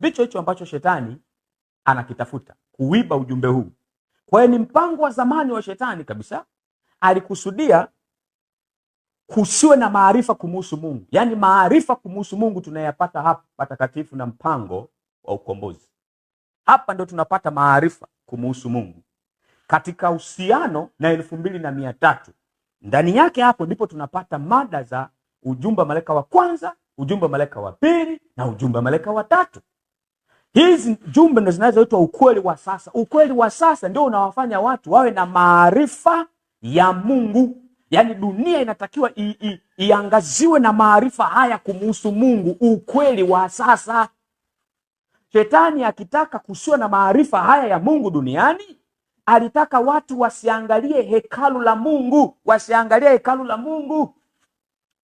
ndicho hicho ambacho shetani anakitafuta kuiba ujumbe huu. Kwa hiyo ni mpango wa zamani wa shetani kabisa, alikusudia kusiwe na maarifa kumuhusu Mungu. Yaani maarifa kumuhusu Mungu tunayapata hapa patakatifu na mpango wa ukombozi. Hapa ndo tunapata maarifa kumuhusu Mungu katika uhusiano na elfu mbili na mia tatu ndani yake, hapo ndipo tunapata mada za ujumbe wa malaika wa kwanza, ujumbe wa malaika wa pili na ujumbe wa malaika wa tatu. Hizi jumbe ndo zinazoitwa ukweli wa sasa. Ukweli wa sasa ndio unawafanya watu wawe na maarifa ya Mungu. Yaani dunia inatakiwa i, i, iangaziwe na maarifa haya kumuhusu Mungu, ukweli wa sasa. Shetani akitaka kusiwa na maarifa haya ya Mungu duniani, alitaka watu wasiangalie hekalu la Mungu, wasiangalie hekalu la Mungu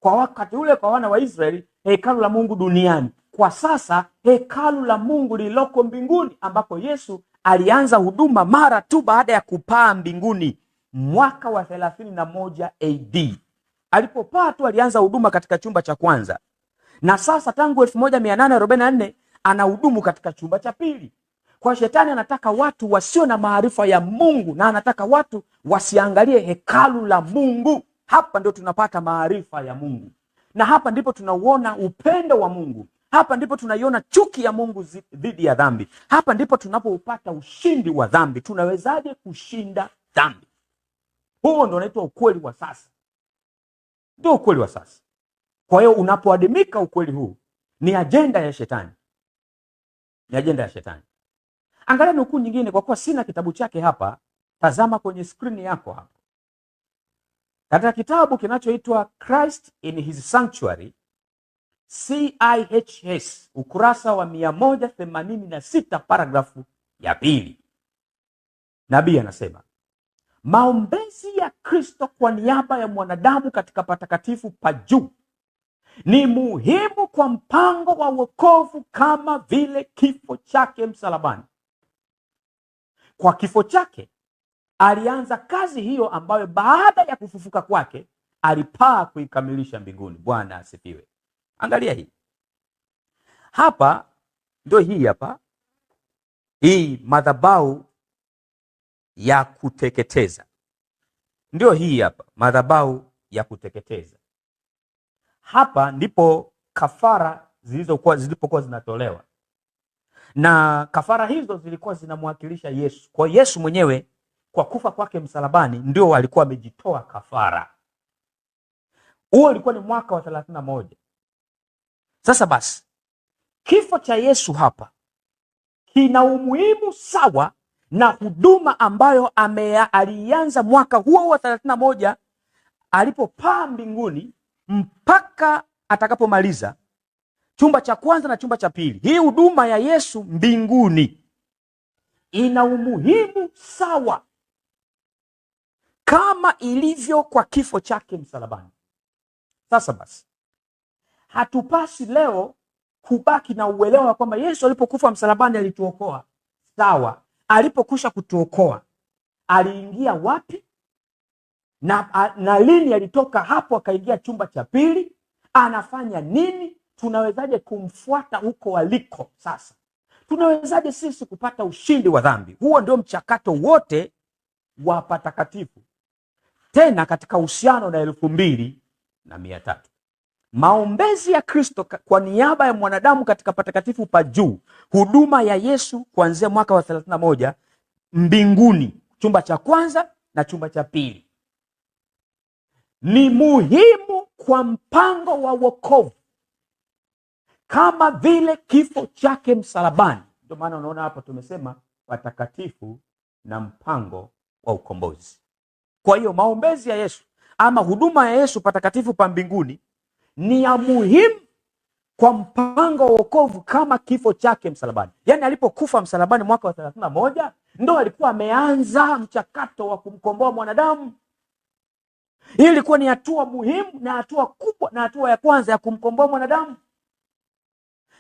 kwa wakati ule, kwa wana wa Israeli, hekalu la Mungu duniani kwa sasa hekalu la Mungu lililoko mbinguni, ambapo Yesu alianza huduma mara tu baada ya kupaa mbinguni mwaka wa thelathini na moja AD. Alipopaa tu alianza huduma katika chumba cha kwanza, na sasa tangu 1844 anahudumu katika chumba cha pili. Kwa shetani anataka watu wasio na maarifa ya Mungu, na anataka watu wasiangalie hekalu la Mungu. Hapa ndio tunapata maarifa ya Mungu, na hapa ndipo tunauona upendo wa Mungu hapa ndipo tunaiona chuki ya Mungu dhidi ya dhambi. Hapa ndipo tunapoupata ushindi wa dhambi. Tunawezaje kushinda dhambi? Huo ndio unaitwa ukweli wa sasa, ndio ukweli wa sasa. Kwa hiyo unapoadimika ukweli huu, ni ajenda ya shetani, ni ajenda ya shetani. Angalia nukuu nyingine, kwa kuwa sina kitabu chake hapa. Tazama kwenye skrini yako hapo, katika kitabu kinachoitwa Christ in His Sanctuary CIHS ukurasa wa 186 paragrafu ya pili, nabii anasema maombezi ya Kristo kwa niaba ya mwanadamu katika patakatifu pa juu ni muhimu kwa mpango wa wokovu kama vile kifo chake msalabani. Kwa kifo chake alianza kazi hiyo ambayo baada ya kufufuka kwake alipaa kuikamilisha mbinguni. Bwana asifiwe. Angalia hii hapa, ndio hii hapa, hii madhabahu ya kuteketeza, ndio hii hapa, madhabahu ya kuteketeza. Hapa ndipo kafara zilizokuwa zilipokuwa zinatolewa, na kafara hizo zilikuwa zinamwakilisha Yesu. Kwa Yesu mwenyewe kwa kufa kwake msalabani ndio walikuwa wamejitoa kafara. Huo ulikuwa ni mwaka wa thelathini na moja sasa basi kifo cha Yesu hapa kina umuhimu sawa na huduma ambayo amea, alianza mwaka huo wa thelathini na moja alipopaa mbinguni mpaka atakapomaliza chumba cha kwanza na chumba cha pili. Hii huduma ya Yesu mbinguni ina umuhimu sawa kama ilivyo kwa kifo chake msalabani. Sasa basi Hatupasi leo kubaki na uelewa kwamba Yesu alipokufa msalabani alituokoa. Sawa, alipokusha kutuokoa aliingia wapi na, na lini alitoka hapo akaingia chumba cha pili, anafanya nini? Tunawezaje kumfuata huko aliko? Sasa tunawezaje sisi kupata ushindi wa dhambi? Huo ndio mchakato wote wa patakatifu, tena katika uhusiano na elfu mbili na mia tatu maombezi ya Kristo kwa niaba ya mwanadamu katika patakatifu pa juu, huduma ya Yesu kuanzia mwaka wa 31 mbinguni, chumba cha kwanza na chumba cha pili, ni muhimu kwa mpango wa wokovu kama vile kifo chake msalabani. Ndio maana unaona hapo tumesema patakatifu na mpango wa ukombozi. Kwa hiyo maombezi ya Yesu ama huduma ya Yesu patakatifu pa mbinguni ni ya muhimu kwa mpango wa wokovu kama kifo chake msalabani. Yaani alipokufa msalabani mwaka wa thelathini na moja ndo alikuwa ameanza mchakato wa kumkomboa mwanadamu. Hii ilikuwa ni hatua muhimu na hatua kubwa na hatua ya kwanza ya kumkomboa mwanadamu,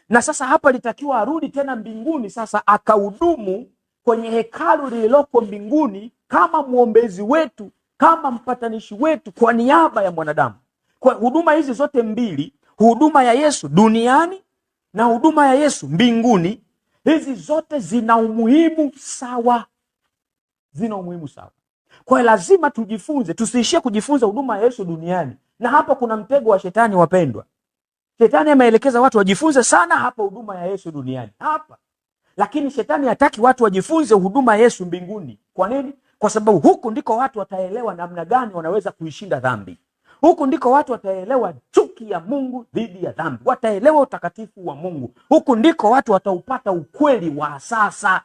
na sasa hapa litakiwa arudi tena mbinguni, sasa akahudumu kwenye hekalu lililoko mbinguni kama mwombezi wetu, kama mpatanishi wetu kwa niaba ya mwanadamu. Kwa huduma hizi zote mbili, huduma ya Yesu duniani na huduma ya Yesu mbinguni, hizi zote zina umuhimu sawa, zina umuhimu sawa. Kwa hiyo lazima tujifunze, tusiishie kujifunza huduma ya Yesu duniani. Na hapo kuna mtego wa shetani, wapendwa. Shetani ameelekeza watu wajifunze sana hapa huduma ya Yesu duniani hapa, lakini shetani hataki watu wajifunze huduma ya Yesu mbinguni. Kwa nini? Kwa sababu huku ndiko watu wataelewa namna gani wanaweza kuishinda dhambi. Huku ndiko watu wataelewa chuki ya Mungu dhidi ya dhambi, wataelewa utakatifu wa Mungu. Huku ndiko watu wataupata ukweli wa sasa.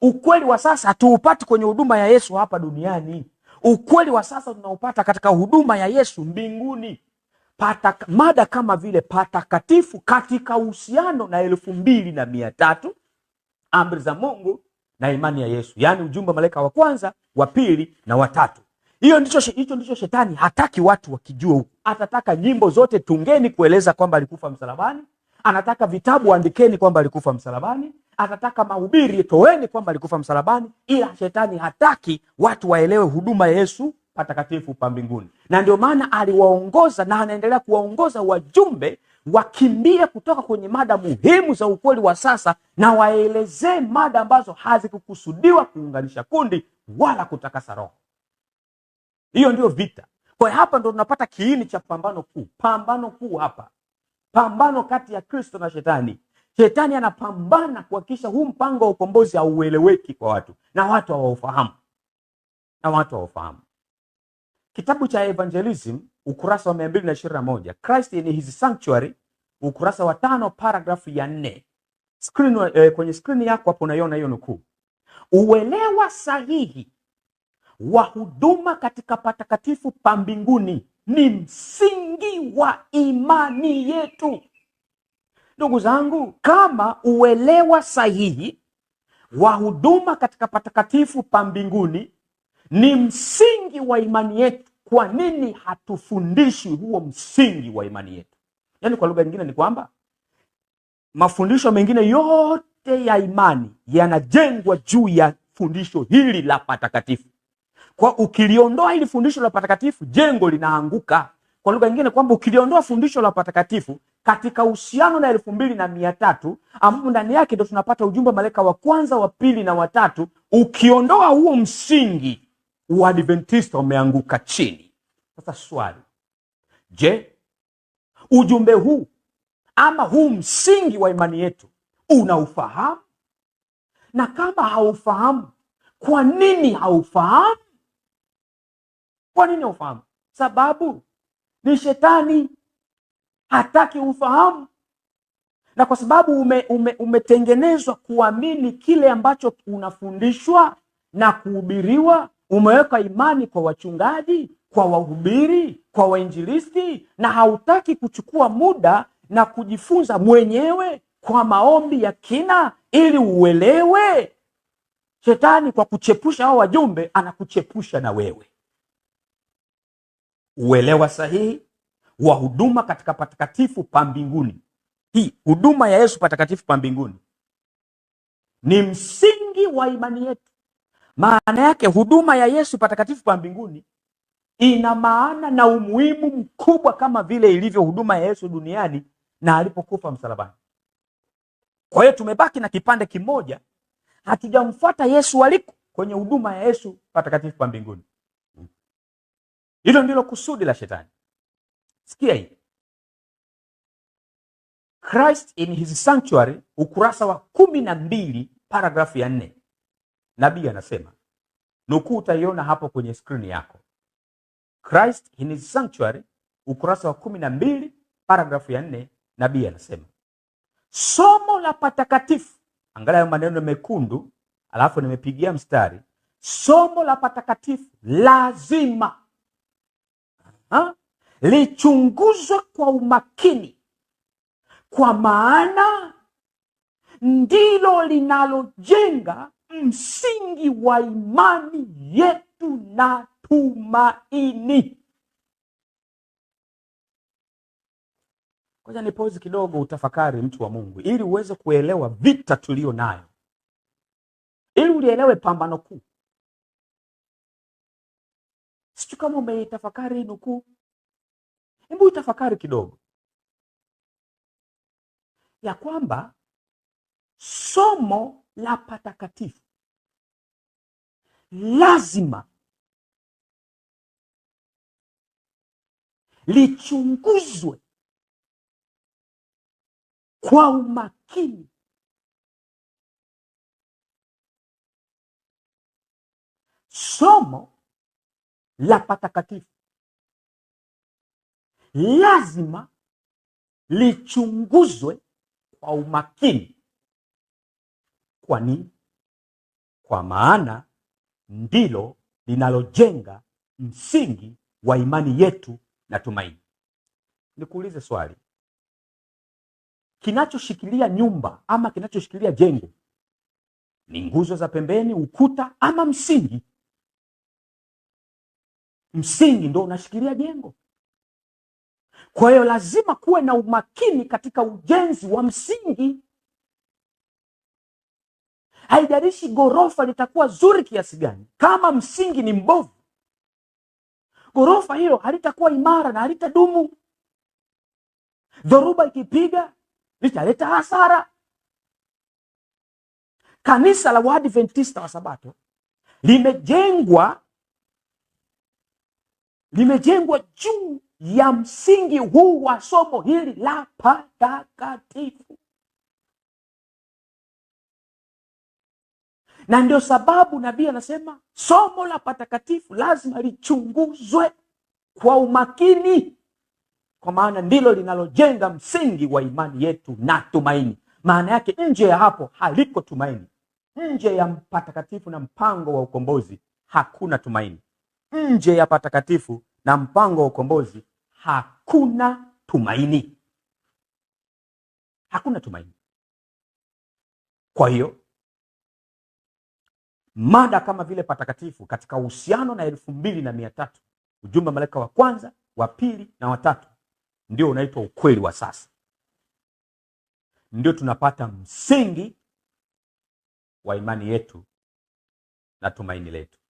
Ukweli wa sasa hatuupati kwenye huduma ya Yesu hapa duniani. Ukweli wa sasa tunaupata katika huduma ya Yesu mbinguni. Pata, mada kama vile patakatifu katika uhusiano na elfu mbili na mia tatu amri za Mungu na imani ya Yesu, yaani ujumbe wa malaika wa kwanza, wa pili na watatu. Hiyo ndicho hicho ndicho shetani hataki watu wakijua huko. Atataka nyimbo zote tungeni kueleza kwamba alikufa msalabani, anataka vitabu andikeni kwamba alikufa msalabani, atataka mahubiri toweni kwamba alikufa msalabani, ila shetani hataki watu waelewe huduma ya Yesu patakatifu pa mbinguni, na ndio maana aliwaongoza na anaendelea kuwaongoza wajumbe wakimbie kutoka kwenye mada muhimu za ukweli wa sasa na waelezee mada ambazo hazikukusudiwa kuunganisha kundi wala kutakasa roho. Hiyo ndio vita. Kwa hiyo hapa ndo tunapata kiini cha pambano kuu. Pambano kuu hapa, pambano kati ya Kristo na Shetani. Shetani anapambana kuhakikisha huu mpango wa ukombozi haueleweki kwa watu na watu hawaufahamu, na watu hawaufahamu. Kitabu cha Evangelism ukurasa wa 221, Christ in his sanctuary, ukurasa wa tano, paragrafu ya nne. Screen, eh, kwenye skrini yako hapo unaiona hiyo nukuu. Uelewa sahihi wa huduma katika patakatifu pa mbinguni ni msingi wa imani yetu. Ndugu zangu, kama uelewa sahihi wa huduma katika patakatifu pa mbinguni ni msingi wa imani yetu, kwa nini hatufundishi huo msingi wa imani yetu? Yaani, kwa lugha nyingine ni kwamba mafundisho mengine yote ya imani yanajengwa juu ya fundisho hili la patakatifu. Kwa ukiliondoa hili fundisho la patakatifu, jengo linaanguka. Kwa lugha nyingine kwamba ukiliondoa fundisho la patakatifu katika uhusiano na elfu mbili na mia tatu ambapo ndani yake ndo tunapata ujumbe wa malaika wa kwanza, wa pili na watatu, ukiondoa huo msingi, uadventista umeanguka chini. Sasa swali, je, ujumbe huu ama huu msingi wa imani yetu unaufahamu? Na kama haufahamu, kwa nini haufahamu? Kwa nini ufahamu? Sababu ni shetani hataki ufahamu, na kwa sababu ume, ume, umetengenezwa kuamini kile ambacho unafundishwa na kuhubiriwa. Umeweka imani kwa wachungaji, kwa wahubiri, kwa wainjilisti, na hautaki kuchukua muda na kujifunza mwenyewe kwa maombi ya kina ili uelewe. Shetani kwa kuchepusha hao wajumbe, anakuchepusha na wewe uelewa sahihi wa huduma katika patakatifu pa mbinguni. Hii huduma ya Yesu patakatifu pa mbinguni ni msingi wa imani yetu. Maana yake huduma ya Yesu patakatifu pa mbinguni ina maana na umuhimu mkubwa kama vile ilivyo huduma ya Yesu duniani na alipokufa msalabani. Kwa hiyo tumebaki na kipande kimoja, hatujamfuata Yesu aliko kwenye huduma ya Yesu patakatifu pa mbinguni. Hilo ndilo kusudi la shetani. Sikia hii, Christ in his sanctuary, ukurasa wa kumi na mbili paragrafu ya nne, nabii anasema, nukuu utaiona hapo kwenye skrini yako. Christ in his sanctuary, ukurasa wa kumi na mbili paragrafu ya nne, nabii anasema, somo la patakatifu, angalia maneno mekundu, alafu nimepigia mstari, somo la patakatifu lazima ha? lichunguzwe kwa umakini, kwa maana ndilo linalojenga msingi wa imani yetu na tumaini. ni nipozi kidogo, utafakari mtu wa Mungu, ili uweze kuelewa vita tuliyo nayo, ili ulielewe pambano kuu sijui kama umeitafakari hii nukuu hebu itafakari kidogo ya kwamba somo la patakatifu lazima lichunguzwe kwa umakini somo la patakatifu lazima lichunguzwe kwa umakini. Kwa nini? Kwa maana ndilo linalojenga msingi wa imani yetu na tumaini. Nikuulize swali, kinachoshikilia nyumba ama kinachoshikilia jengo ni nguzo za pembeni, ukuta ama msingi? msingi ndo unashikilia jengo. Kwa hiyo lazima kuwe na umakini katika ujenzi wa msingi. Haijalishi ghorofa litakuwa zuri kiasi gani, kama msingi ni mbovu, ghorofa hilo halitakuwa imara na halitadumu. Dhoruba ikipiga litaleta hasara. Kanisa la Waadventista wa Sabato limejengwa limejengwa juu ya msingi huu wa somo hili la patakatifu, na ndio sababu nabii anasema somo la patakatifu lazima lichunguzwe kwa umakini, kwa maana ndilo linalojenga msingi wa imani yetu na tumaini. Maana yake nje ya hapo haliko tumaini. Nje ya patakatifu na mpango wa ukombozi hakuna tumaini nje ya patakatifu na mpango wa ukombozi hakuna tumaini, hakuna tumaini. Kwa hiyo mada kama vile patakatifu katika uhusiano na elfu mbili na mia tatu ujumbe wa malaika wa kwanza wa pili na watatu ndio unaitwa ukweli wa sasa, ndio tunapata msingi wa imani yetu na tumaini letu.